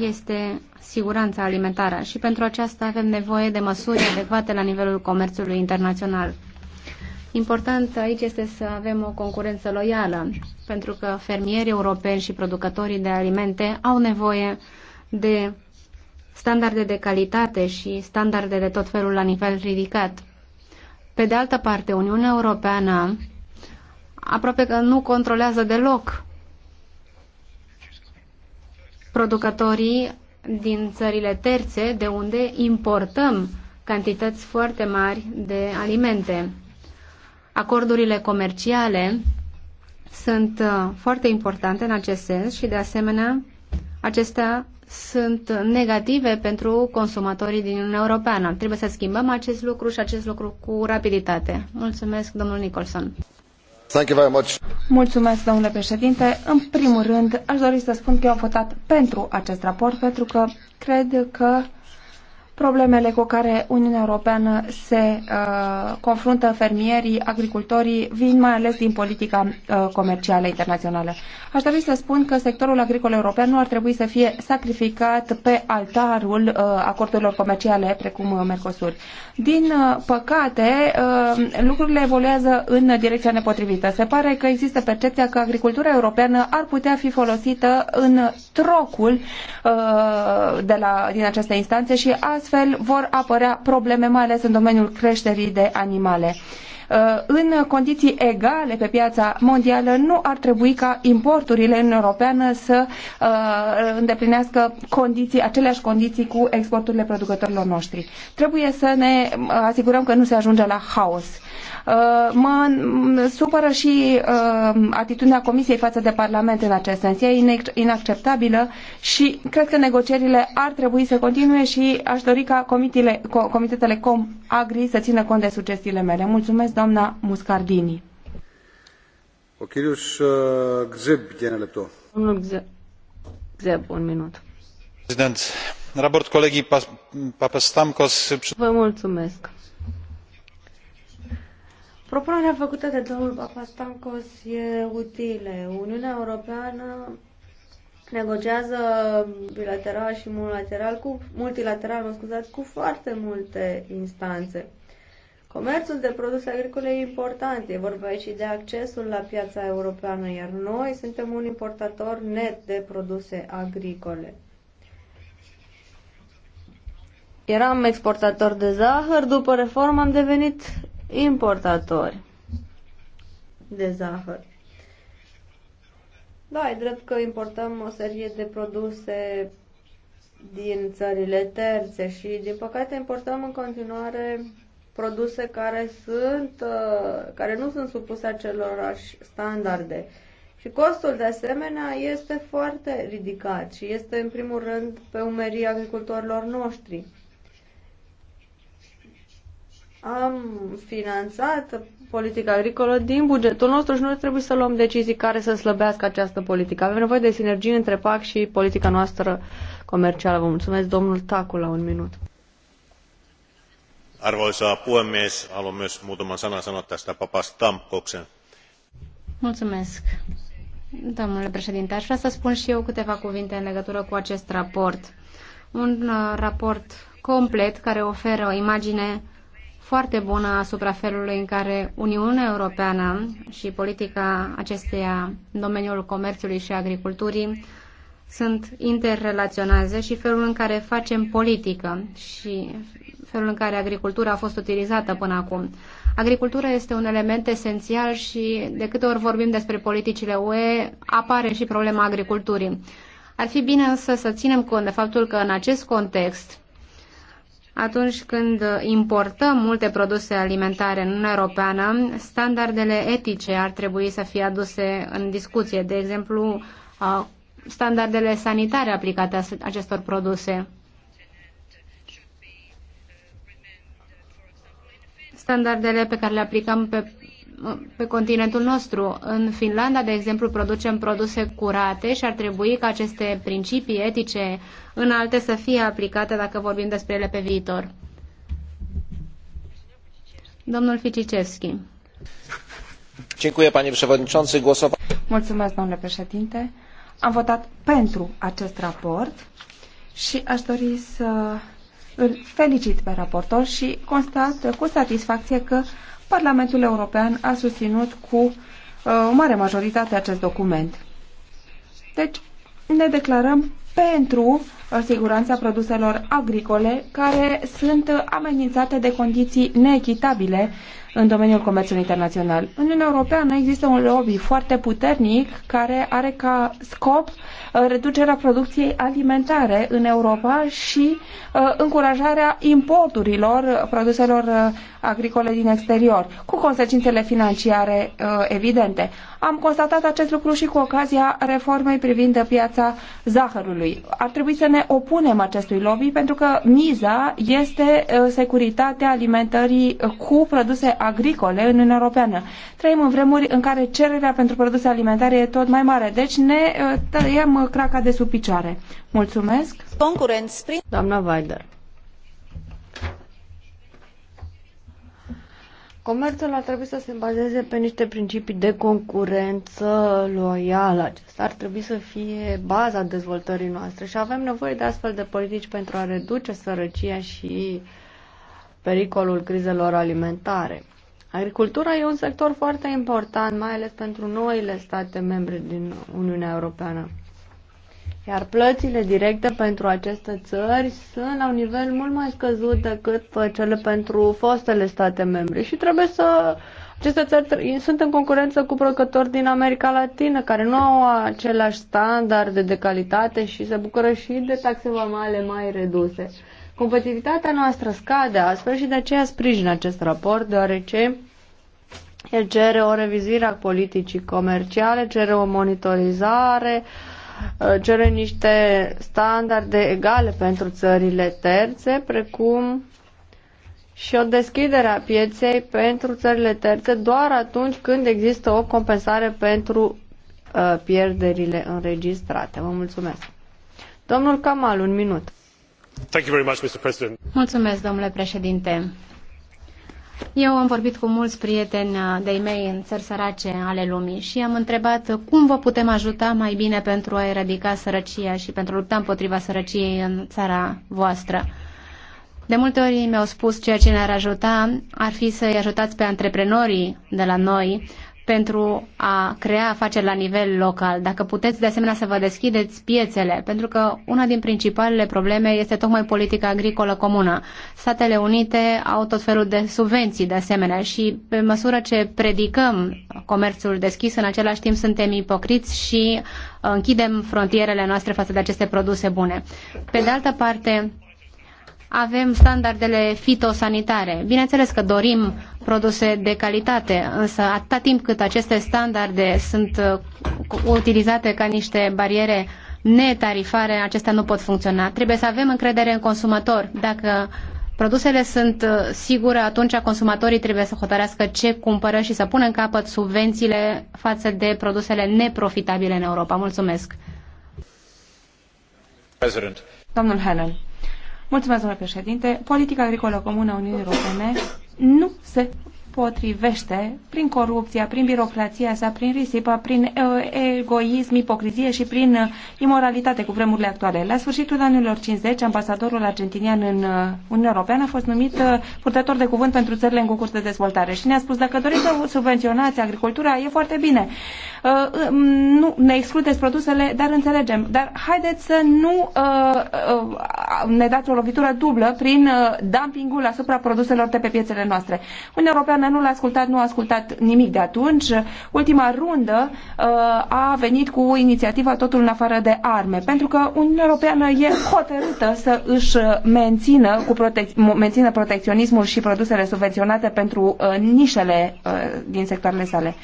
este siguranța alimentară și pentru aceasta avem nevoie de măsuri adecvate la nivelul comerțului internațional. Important aici este să avem o concurență loială, pentru că fermierii europeni și producătorii de alimente au nevoie de standarde de calitate și standarde de tot felul la nivel ridicat. Pe de altă parte, Uniunea Europeană aproape că nu controlează deloc producătorii din țările terțe, de unde importăm cantități foarte mari de alimente. Acordurile comerciale sunt uh, foarte importante în acest sens și, de asemenea, acestea sunt negative pentru consumatorii din Uniunea Europeană. Trebuie să schimbăm acest lucru și acest lucru cu rapiditate. Mulțumesc, domnul Nicholson. Mulțumesc, domnule președinte. În primul rând, aș dori să spun că eu am votat pentru acest raport, pentru că cred că problemele cu care Uniunea Europeană se uh, confruntă fermierii, agricultorii, vin mai ales din politica uh, comercială internațională. Aș dori să spun că sectorul agricol european nu ar trebui să fie sacrificat pe altarul uh, acordurilor comerciale precum uh, Mercosur. Din uh, păcate, uh, lucrurile evoluează în direcția nepotrivită. Se pare că există percepția că agricultura europeană ar putea fi folosită în trocul uh, de la, din aceste instanțe și a Astfel vor apărea probleme, mai ales în domeniul creșterii de animale. Uh, în condiții egale pe piața mondială nu ar trebui ca importurile în Europeană să uh, îndeplinească condiții, aceleași condiții cu exporturile producătorilor noștri. Trebuie să ne asigurăm că nu se ajunge la haos Uh, mă supără și uh, atitudinea Comisiei față de Parlament în acest sens. E inacceptabilă și cred că negocierile ar trebui să continue și aș dori ca comitetele Com Agri să țină cont de sugestiile mele. Mulțumesc, doamna Muscardini. O Chirius uh, Gzeb, Domnul Gzeb, un minut. Prezident, raport colegii Papastamkos... Vă mulțumesc Propunerea făcută de domnul Papastancos e utile. Uniunea Europeană negociază bilateral și multilateral cu, multilateral, mă scuzați, cu foarte multe instanțe. Comerțul de produse agricole e important, e vorba aici de accesul la piața europeană, iar noi suntem un importator net de produse agricole. Eram exportator de zahăr, după reformă am devenit importatori de zahăr. Da, e drept că importăm o serie de produse din țările terțe și, din păcate, importăm în continuare produse care sunt, uh, care nu sunt supuse acelorași standarde. Și costul, de asemenea, este foarte ridicat și este, în primul rând, pe umerii agricultorilor noștri. Am finanțat politica agricolă din bugetul nostru și noi trebuie să luăm decizii care să slăbească această politică. Avem nevoie de sinergie între PAC și politica noastră comercială. Vă mulțumesc, domnul Tacu, la un minut. Arvoisa puhemies, haluan myös muutaman sanan sanoa tästä Papastamkoksen. Mulțumesc. Domnule președinte, aș vrea să spun și eu câteva cuvinte în legătură cu acest raport. Un uh, raport complet care oferă o imagine foarte bună asupra felului în care Uniunea Europeană și politica acesteia în domeniul comerțului și agriculturii sunt interrelaționate și felul în care facem politică și felul în care agricultura a fost utilizată până acum. Agricultura este un element esențial și de câte ori vorbim despre politicile UE, apare și problema agriculturii. Ar fi bine însă să ținem cont de faptul că în acest context atunci când importăm multe produse alimentare în Uniunea Europeană, standardele etice ar trebui să fie aduse în discuție, de exemplu, uh, standardele sanitare aplicate acestor produse. Standardele pe care le aplicăm pe pe continentul nostru. În Finlanda, de exemplu, producem produse curate și ar trebui ca aceste principii etice înalte să fie aplicate dacă vorbim despre ele pe viitor. Domnul Ficicevski. Dziękuję, panie przewodniczący. Głosowa... Mulțumesc, domnule președinte. Am votat pentru acest raport și aș dori să îl felicit pe raportor și constat cu satisfacție că Parlamentul European a susținut cu uh, o mare majoritate acest document. Deci, ne declarăm pentru uh, siguranța produselor agricole care sunt amenințate de condiții neechitabile în domeniul comerțului internațional. În Uniunea Europeană există un lobby foarte puternic care are ca scop uh, reducerea producției alimentare în Europa și uh, încurajarea importurilor produselor agricole din exterior, cu consecințele financiare evidente. Am constatat acest lucru și cu ocazia reformei privind piața zahărului lobby-ului. Ar trebui să ne opunem acestui lobby pentru că miza este uh, securitatea alimentării uh, cu produse agricole în Uniunea Europeană. Trăim în vremuri în care cererea pentru produse alimentare e tot mai mare, deci ne uh, tăiem craca de sub picioare. Mulțumesc! Doamna Weider. Comerțul ar trebui să se bazeze pe niște principii de concurență loială. Acesta ar trebui să fie baza dezvoltării noastre și avem nevoie de astfel de politici pentru a reduce sărăcia și pericolul crizelor alimentare. Agricultura e un sector foarte important, mai ales pentru noile state membre din Uniunea Europeană. Iar plățile directe pentru aceste țări sunt la un nivel mult mai scăzut decât uh, cele pentru fostele state membre și trebuie să aceste țări sunt în concurență cu producători din America Latină, care nu au aceleași standarde de calitate și se bucură și de taxe vamale mai reduse. Competitivitatea noastră scade astfel și de aceea sprijin acest raport, deoarece el cere o revizire a politicii comerciale, cere o monitorizare, uh, Uh, cere niște standarde egale pentru țările terțe, precum și o deschidere a pieței pentru țările terțe doar atunci când există o compensare pentru uh, pierderile înregistrate. Vă mulțumesc. Domnul Kamal, un minut. Mulțumesc, domnule președinte eu am vorbit cu mulți prieteni uh, de-ai mei în țări sărace ale lumii și am întrebat uh, cum vă putem ajuta mai bine pentru a eradica sărăcia și pentru a lupta împotriva sărăciei în țara voastră. De multe ori mi-au spus ceea ce ne-ar ajuta ar fi să-i ajutați pe antreprenorii de la noi pentru a crea afaceri la nivel local, dacă puteți de asemenea să vă deschideți piețele, pentru că una din principalele probleme este tocmai politica agricolă comună. Statele Unite au tot felul de subvenții de asemenea și pe măsură ce predicăm comerțul deschis, în același timp suntem ipocriți și închidem frontierele noastre față de aceste produse bune. Pe de altă parte, avem standardele fitosanitare. Bineînțeles că dorim produse de calitate, însă atâta timp cât aceste standarde sunt uh, utilizate ca niște bariere netarifare, acestea nu pot funcționa. Trebuie să avem încredere în consumator. Dacă produsele sunt uh, sigure, atunci consumatorii trebuie să hotărească ce cumpără și să pună în capăt subvențiile față de produsele neprofitabile în Europa. Mulțumesc! President. Domnul Helen. Mulțumesc, domnule președinte. Politica agricolă comună a Uniunii Europene nu se potrivește prin corupția, prin birocrația sa, prin risipă, prin uh, egoism, ipocrizie și prin uh, imoralitate cu vremurile actuale. La sfârșitul anilor 50, ambasadorul argentinian în uh, Uniunea Europeană a fost numit purtător de cuvânt pentru țările în curs de dezvoltare și ne-a spus dacă doriți să subvenționați agricultura, e foarte bine. Uh, um, nu ne excludeți produsele, dar înțelegem. Dar haideți să nu uh, uh, ne dați o lovitură dublă prin dumpingul asupra produselor de pe piețele noastre. Uniunea Europeană nu l-a ascultat, nu a ascultat nimic de atunci. Ultima rundă a venit cu inițiativa Totul în afară de arme, pentru că Uniunea Europeană e hotărâtă să își mențină, cu protec- mențină protecționismul și produsele subvenționate pentru nișele din sectoarele sale.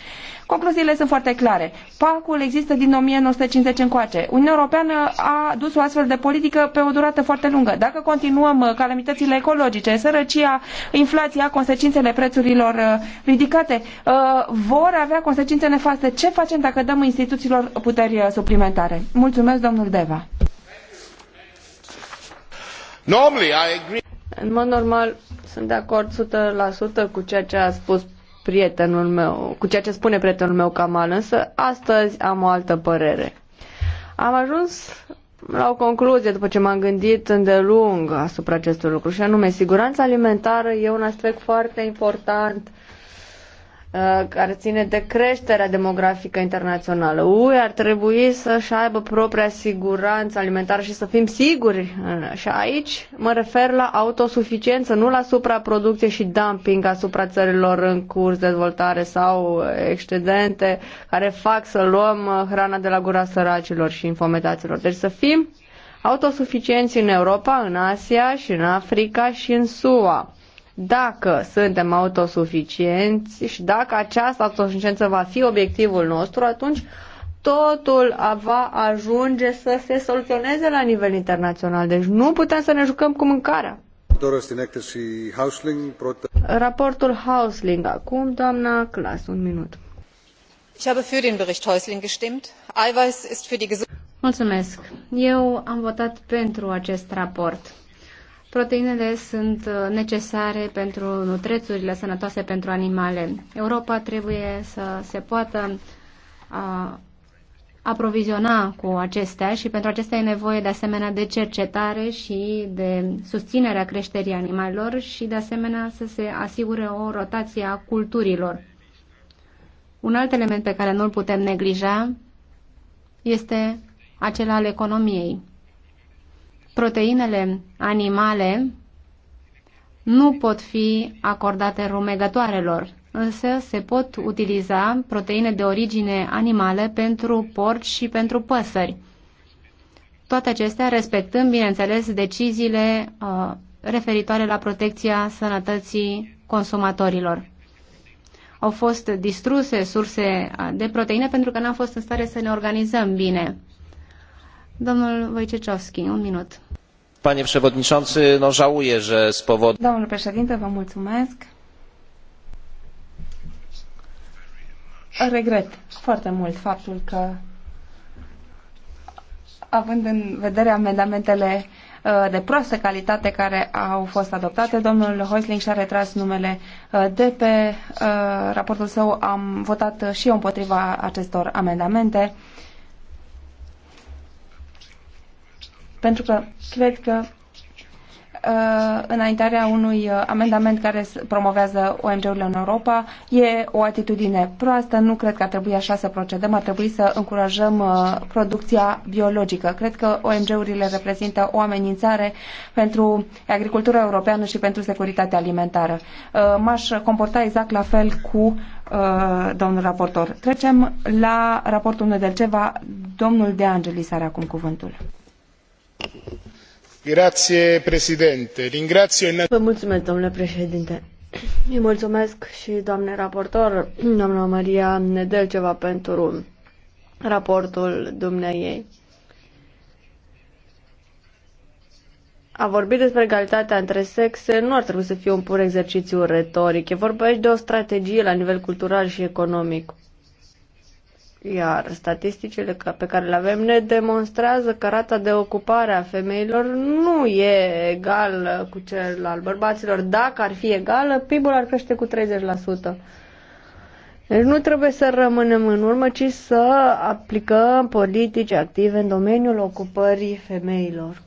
Concluziile sunt foarte clare. Pacul există din 1950 încoace. Uniunea Europeană a dus o astfel de politică pe o durată foarte lungă. Dacă continuăm uh, calamitățile ecologice, sărăcia, inflația, consecințele prețurilor uh, ridicate, uh, vor avea consecințe nefaste. Ce facem dacă dăm instituțiilor puteri suplimentare? Mulțumesc, domnul Deva. Normally, I agree. În mod normal, sunt de acord 100% cu ceea ce a spus prietenul meu, cu ceea ce spune prietenul meu Kamal, însă astăzi am o altă părere. Am ajuns la o concluzie după ce m-am gândit îndelung asupra acestui lucru și anume, siguranța alimentară e un aspect foarte important Uh, care ține de creșterea demografică internațională. UE ar trebui să-și aibă propria siguranță alimentară și să fim siguri. Uh, și aici mă refer la autosuficiență, nu la supraproducție și dumping asupra țărilor în curs de dezvoltare sau excedente care fac să luăm uh, hrana de la gura săracilor și infometaților. Deci să fim autosuficienți în Europa, în Asia și în Africa și în SUA dacă suntem autosuficienți și dacă această autosuficiență va fi obiectivul nostru, atunci totul va ajunge să se soluționeze la nivel internațional. Deci nu putem să ne jucăm cu mâncarea. Raportul Hausling. Acum, doamna Clas, un minut. Ich habe für den Bericht Häusling gestimmt. Eiweiß ist für die Gesundheit. Mulțumesc. Eu am votat pentru acest raport. Proteinele sunt uh, necesare pentru nutrețurile sănătoase pentru animale. Europa trebuie să se poată a, aproviziona cu acestea și pentru acestea e nevoie de asemenea de cercetare și de susținerea creșterii animalelor și de asemenea să se asigure o rotație a culturilor. Un alt element pe care nu-l putem neglija este acela al economiei proteinele animale nu pot fi acordate rumegătoarelor, însă se pot utiliza proteine de origine animală pentru porci și pentru păsări. Toate acestea respectând, bineînțeles, deciziile uh, referitoare la protecția sănătății consumatorilor. Au fost distruse surse uh, de proteine pentru că n-am fost în stare să ne organizăm bine. Domnul Wojciechowski, un minut. Panie przewodniczący, no żałuję, że z powodu... Domnul președinte, vă mulțumesc. Regret foarte mult faptul că având în vedere amendamentele uh, de proastă calitate care au fost adoptate. Domnul Hoisling și-a retras numele uh, de pe uh, raportul său. Am votat și eu împotriva acestor amendamente. pentru că cred că uh, înaintarea unui uh, amendament care promovează OMG-urile în Europa e o atitudine proastă. Nu cred că ar trebui așa să procedăm. Ar trebui să încurajăm uh, producția biologică. Cred că OMG-urile reprezintă o amenințare pentru agricultura europeană și pentru securitatea alimentară. Uh, m-aș comporta exact la fel cu uh, domnul raportor. Trecem la raportul Nedelceva. Domnul De Angelis are acum cuvântul. Vă mulțumesc, președinte. Îi mulțumesc și doamnei raportor, doamna Maria Nedelceva, pentru raportul dumneiei. A vorbi despre egalitatea între sexe nu ar trebui să fie un pur exercițiu retoric. E vorba aici de o strategie la nivel cultural și economic. Iar statisticile pe care le avem ne demonstrează că rata de ocupare a femeilor nu e egală cu cel al bărbaților. Dacă ar fi egală, PIB-ul ar crește cu 30%. Deci nu trebuie să rămânem în urmă, ci să aplicăm politici active în domeniul ocupării femeilor.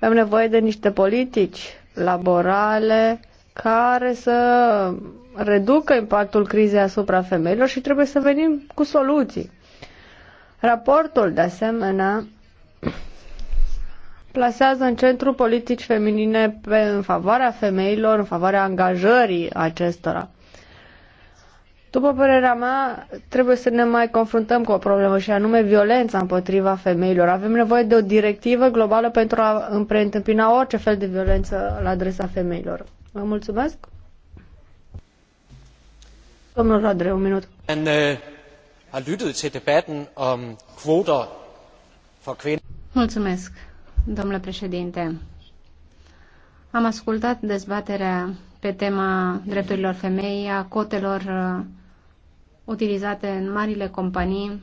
Avem nevoie de niște politici laborale care să reducă impactul crizei asupra femeilor și trebuie să venim cu soluții. Raportul, de asemenea, plasează în centru politici feminine pe, în favoarea femeilor, în favoarea angajării acestora. După părerea mea, trebuie să ne mai confruntăm cu o problemă și anume violența împotriva femeilor. Avem nevoie de o directivă globală pentru a preîntâmpina orice fel de violență la adresa femeilor. Vă mulțumesc! Domnul Rodre, un minut. Man øh, har lyttet til debatten om kvoter for kvinder. Mulțumesc, domnule președinte. Am ascultat dezbaterea pe tema drepturilor femei, a cotelor uh, utilizate în marile companii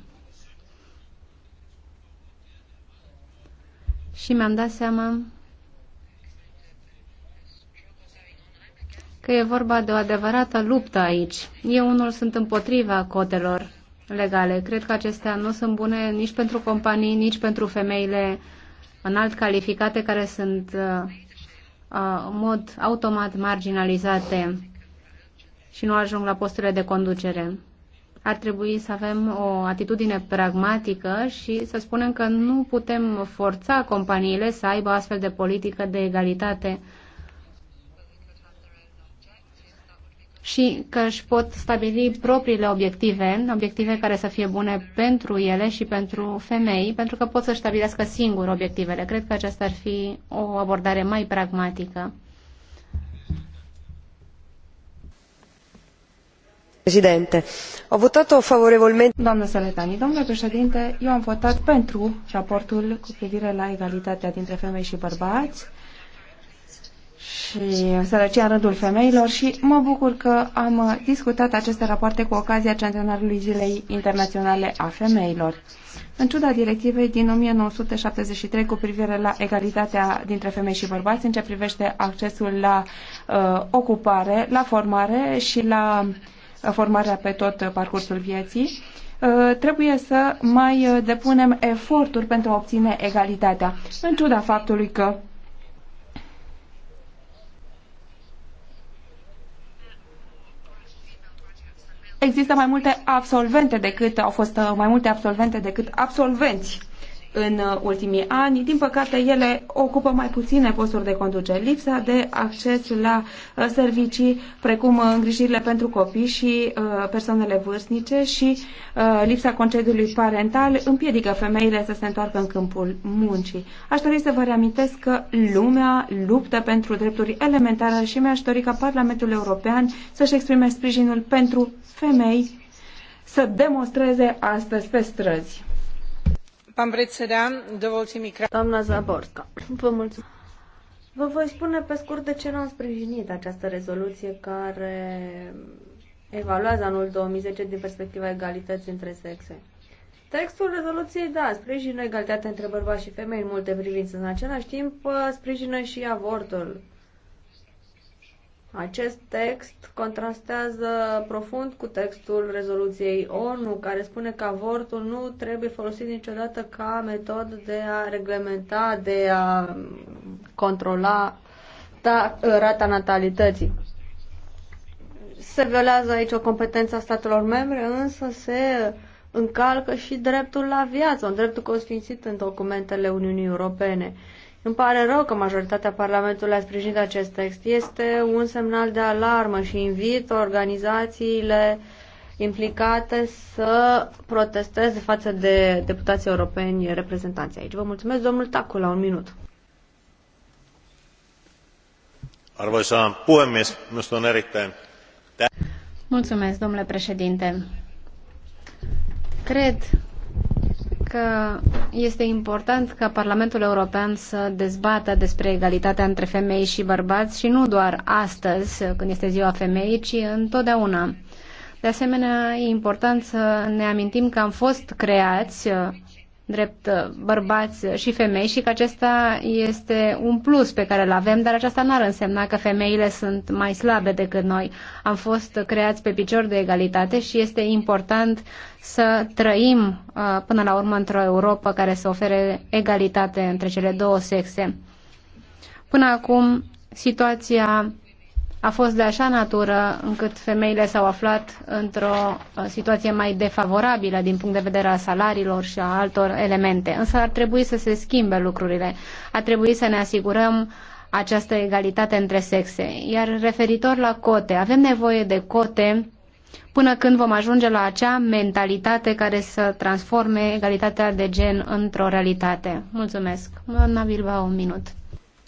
și mi-am dat seama că e vorba de o adevărată luptă aici. Eu unul sunt împotriva cotelor legale. Cred că acestea nu sunt bune nici pentru companii, nici pentru femeile înalt calificate care sunt uh, uh, în mod automat marginalizate și nu ajung la posturile de conducere. Ar trebui să avem o atitudine pragmatică și să spunem că nu putem forța companiile să aibă astfel de politică de egalitate și că își pot stabili propriile obiective, obiective care să fie bune pentru ele și pentru femei, pentru că pot să stabilească singur obiectivele. Cred că aceasta ar fi o abordare mai pragmatică. Președinte, au votat-o favorevolmente. Doamnă Saletani, domnule președinte, eu am votat pentru raportul cu privire la egalitatea dintre femei și bărbați și sărăcia în rândul femeilor și mă bucur că am discutat aceste rapoarte cu ocazia centenarului Zilei Internaționale a Femeilor. În ciuda directivei din 1973 cu privire la egalitatea dintre femei și bărbați în ce privește accesul la uh, ocupare, la formare și la uh, formarea pe tot parcursul vieții, uh, trebuie să mai uh, depunem eforturi pentru a obține egalitatea, în ciuda faptului că există mai multe absolvente decât au fost uh, mai multe absolvente decât absolvenți în uh, ultimii ani. Din păcate, ele ocupă mai puține posturi de conducere. Lipsa de acces la uh, servicii, precum uh, îngrijirile pentru copii și persoanele vârstnice și lipsa concediului parental împiedică femeile să se întoarcă în câmpul muncii. Aș dori să vă reamintesc că lumea luptă pentru drepturi elementare și mi-aș dori ca Parlamentul European să-și exprime sprijinul pentru femei să demonstreze astăzi pe străzi. Doamna Zaborska, vă Vă voi spune pe scurt de ce nu am sprijinit această rezoluție care evaluează anul 2010 din perspectiva egalității între sexe. Textul rezoluției, da, sprijină egalitatea între bărbați și femei în multe privințe. În același timp, sprijină și avortul acest text contrastează profund cu textul rezoluției ONU, care spune că avortul nu trebuie folosit niciodată ca metod de a reglementa, de a controla ta, rata natalității. Se violează aici o competență a statelor membre, însă se încalcă și dreptul la viață, un drept consfințit în documentele Uniunii Europene. Îmi pare rău că majoritatea Parlamentului a sprijinit acest text. Este un semnal de alarmă și invit organizațiile implicate să protesteze față de deputații europeni reprezentanți aici. Vă mulțumesc, domnul Tacu, la un minut. Arvoisa puhemies, minusta on erittäin Mulțumesc, domnule președinte. Cred că este important ca Parlamentul European să dezbată despre egalitatea între femei și bărbați și nu doar astăzi, când este ziua femeii, ci întotdeauna. De asemenea, e important să ne amintim că am fost creați drept uh, bărbați și femei și că acesta este un plus pe care îl avem, dar aceasta nu ar însemna că femeile sunt mai slabe decât noi. Am fost creați pe picior de egalitate și este important să trăim uh, până la urmă într-o Europa care să ofere egalitate între cele două sexe. Până acum, situația a fost de așa natură încât femeile s-au aflat într-o uh, situație mai defavorabilă din punct de vedere a salariilor și a altor elemente. Însă ar trebui să se schimbe lucrurile. Ar trebui să ne asigurăm această egalitate între sexe. Iar referitor la cote, avem nevoie de cote până când vom ajunge la acea mentalitate care să transforme egalitatea de gen într-o realitate. Mulțumesc. Doamna Bilba, un minut.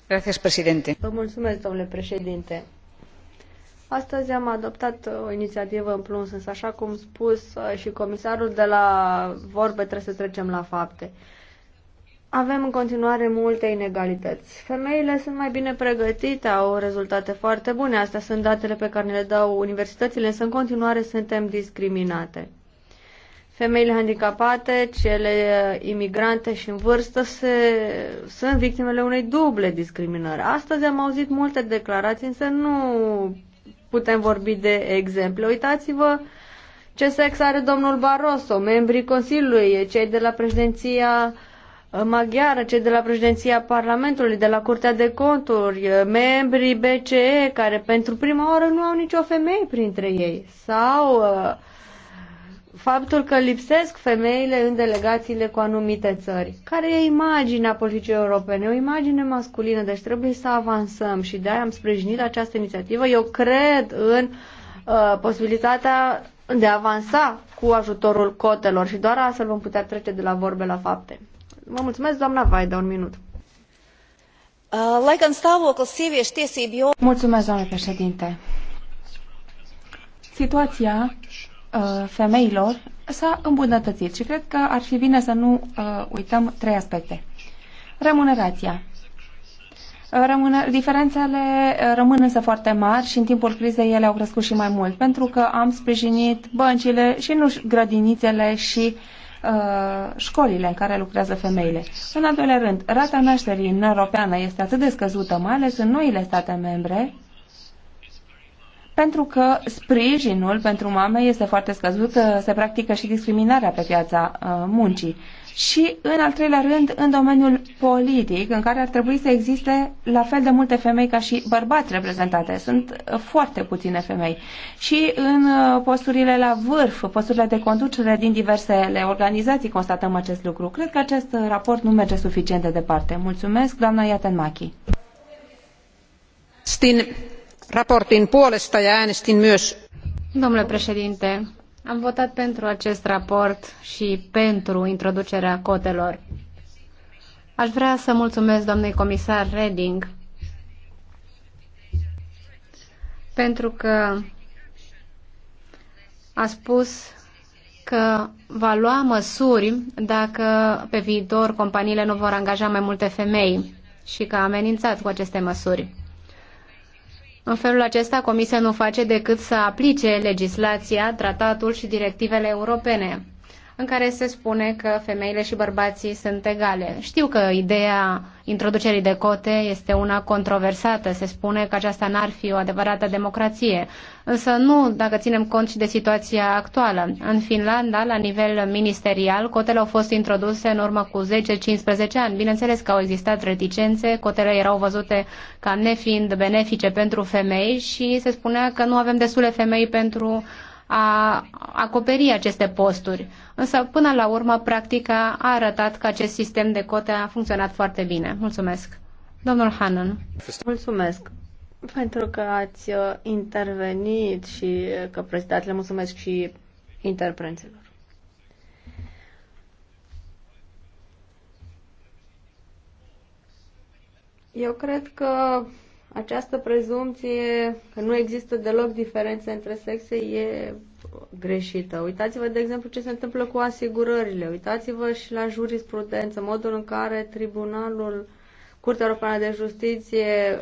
Gracias, presidente. Vă mulțumesc, domnule președinte Astăzi am adoptat uh, o inițiativă în plus, însă așa cum spus uh, și comisarul de la vorbe trebuie să trecem la fapte. Avem în continuare multe inegalități. Femeile sunt mai bine pregătite, au rezultate foarte bune. Astea sunt datele pe care ne le dau universitățile, însă în continuare suntem discriminate. Femeile handicapate, cele uh, imigrante și în vârstă se, sunt victimele unei duble discriminări. Astăzi am auzit multe declarații, însă nu putem vorbi de exemple. Uitați-vă ce sex are domnul Barroso, membrii Consiliului, cei de la președinția uh, maghiară, cei de la președinția Parlamentului, de la Curtea de Conturi, uh, membrii BCE, care pentru prima oară nu au nicio femeie printre ei, sau uh, faptul că lipsesc femeile în delegațiile cu anumite țări. Care e imaginea politicii europene? O imagine masculină, deci trebuie să avansăm și de-aia am sprijinit această inițiativă. Eu cred în uh, posibilitatea de a avansa cu ajutorul cotelor și doar astfel vom putea trece de la vorbe la fapte. Vă mulțumesc, doamna Vaida, un minut. Uh, mulțumesc, doamne președinte. Situația Uh, femeilor s-a îmbunătățit și cred că ar fi bine să nu uh, uităm trei aspecte. Remunerația. Uh, Rămână, diferențele rămân însă foarte mari și în timpul crizei ele au crescut și mai mult, pentru că am sprijinit băncile și nu grădinițele și uh, școlile în care lucrează femeile. În al doilea rând, rata nașterii în europeană este atât de scăzută, mai ales în noile state membre, pentru că sprijinul pentru mame este foarte scăzut, uh, se practică și discriminarea pe piața uh, muncii. Și, în al treilea rând, în domeniul politic, în care ar trebui să existe la fel de multe femei ca și bărbați reprezentate. Sunt uh, foarte puține femei. Și în posturile la vârf, posturile de conducere din diversele organizații, constatăm acest lucru. Cred că acest raport nu merge suficient de departe. Mulțumesc, doamna Iatenmachi. Stin raportin puolesta ja äänestin myös. Domnule președinte, am votat pentru acest raport și pentru introducerea cotelor. Aș vrea să mulțumesc doamnei comisar Reding pentru că a spus că va lua măsuri dacă pe viitor companiile nu vor angaja mai multe femei și că a amenințat cu aceste măsuri. În felul acesta, Comisia nu face decât să aplice legislația, tratatul și directivele europene în care se spune că femeile și bărbații sunt egale. Știu că ideea introducerii de cote este una controversată. Se spune că aceasta n-ar fi o adevărată democrație. Însă nu dacă ținem cont și de situația actuală. În Finlanda, la nivel ministerial, cotele au fost introduse în urmă cu 10-15 ani. Bineînțeles că au existat reticențe, cotele erau văzute ca nefiind benefice pentru femei și se spunea că nu avem destule femei pentru a acoperi aceste posturi. Însă, până la urmă, practica a arătat că acest sistem de cote a funcționat foarte bine. Mulțumesc. Domnul Hannan. Mulțumesc pentru că ați uh, intervenit și uh, că prezidat le mulțumesc și interprenților. Eu cred că această prezumție că nu există deloc diferențe între sexe e greșită. Uitați-vă, de exemplu, ce se întâmplă cu asigurările. Uitați-vă și la jurisprudență, modul în care Tribunalul Curtea Europeană de Justiție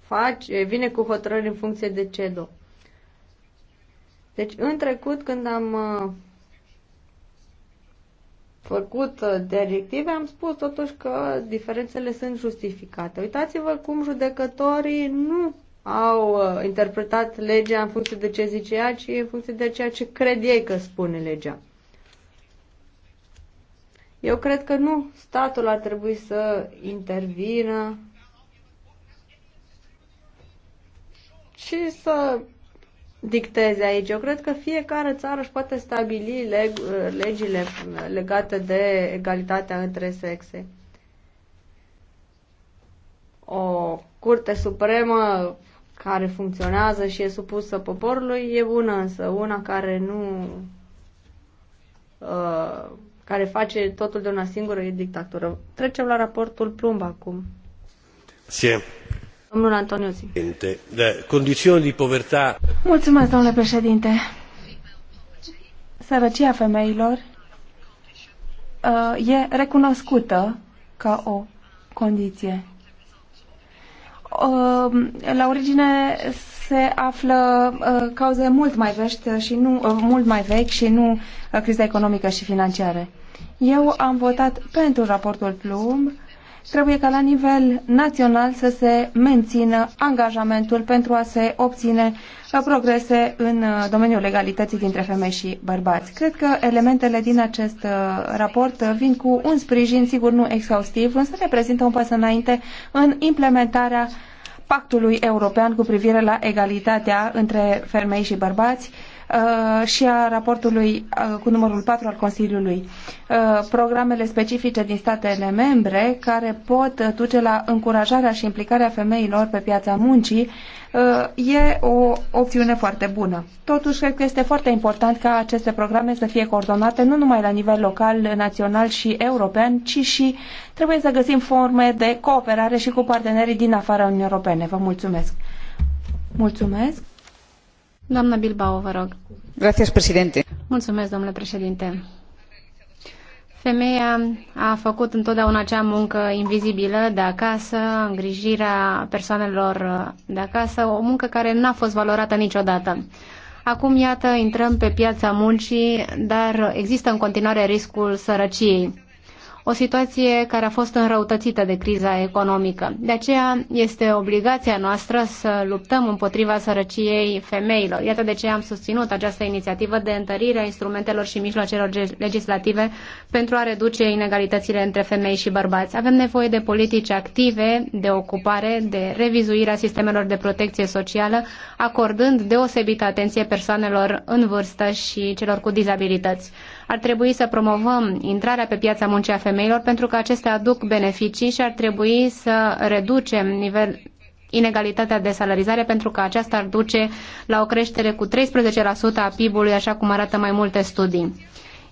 face, vine cu hotărâri în funcție de CEDO. Deci, în trecut, când am făcut uh, directive, am spus totuși că diferențele sunt justificate. Uitați-vă cum judecătorii nu au uh, interpretat legea în funcție de ce zice ea, ci în funcție de ceea ce cred ei că spune legea. Eu cred că nu statul ar trebui să intervină ci să dicteze aici. Eu cred că fiecare țară își poate stabili leg- legile legate de egalitatea între sexe. O curte supremă care funcționează și e supusă poporului e bună, însă una care nu. Uh, care face totul de una singură e dictatură. Trecem la raportul Plumb acum. Sim. Domnul de da, povertà. Mulțumesc, domnule președinte. Sărăcia femeilor uh, e recunoscută ca o condiție. Uh, la origine se află uh, cauze mult mai, vești și nu, mult mai vechi și nu criza economică și financiară. Eu am votat pentru raportul Plumb trebuie ca la nivel național să se mențină angajamentul pentru a se obține uh, progrese în uh, domeniul legalității dintre femei și bărbați. Cred că elementele din acest uh, raport vin cu un sprijin, sigur nu exhaustiv, însă reprezintă un pas înainte în implementarea pactului european cu privire la egalitatea între femei și bărbați Uh, și a raportului uh, cu numărul 4 al Consiliului. Uh, programele specifice din statele membre care pot duce la încurajarea și implicarea femeilor pe piața muncii e o opțiune foarte bună. Totuși, cred că este foarte important ca aceste programe să fie coordonate nu numai la nivel local, național și european, ci și trebuie să găsim forme de cooperare și cu partenerii din afara Uniunii Europene. Vă mulțumesc! Mulțumesc! Doamna Bilbao, vă rog. Gracias, Mulțumesc, domnule președinte. Femeia a făcut întotdeauna acea muncă invizibilă de acasă, îngrijirea persoanelor de acasă, o muncă care n-a fost valorată niciodată. Acum, iată, intrăm pe piața muncii, dar există în continuare riscul sărăciei o situație care a fost înrăutățită de criza economică. De aceea este obligația noastră să luptăm împotriva sărăciei femeilor. Iată de ce am susținut această inițiativă de întărire a instrumentelor și mijloacelor legislative pentru a reduce inegalitățile între femei și bărbați. Avem nevoie de politici active, de ocupare, de revizuirea sistemelor de protecție socială, acordând deosebită atenție persoanelor în vârstă și celor cu dizabilități. Ar trebui să promovăm intrarea pe piața muncii a femeilor pentru că acestea aduc beneficii și ar trebui să reducem nivel, inegalitatea de salarizare pentru că aceasta ar duce la o creștere cu 13% a PIB-ului, așa cum arată mai multe studii.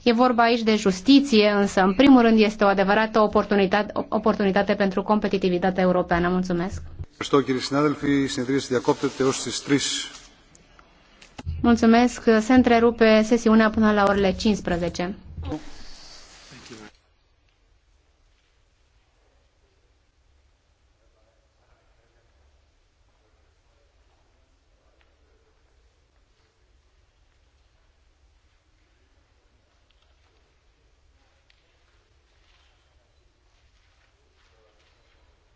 E vorba aici de justiție, însă în primul rând este o adevărată oportunitate, oportunitate pentru competitivitatea europeană. Mulțumesc! Ευχαριστώ Mulțumesc. Se întrerupe sesiunea până la orele 15.